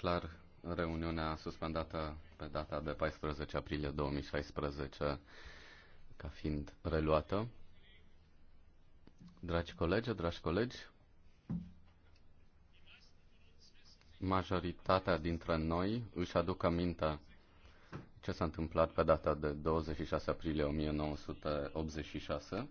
clar reuniunea suspendată pe data de 14 aprilie 2016 ca fiind reluată. Dragi colegi, dragi colegi, majoritatea dintre noi își aduc aminte ce s-a întâmplat pe data de 26 aprilie 1986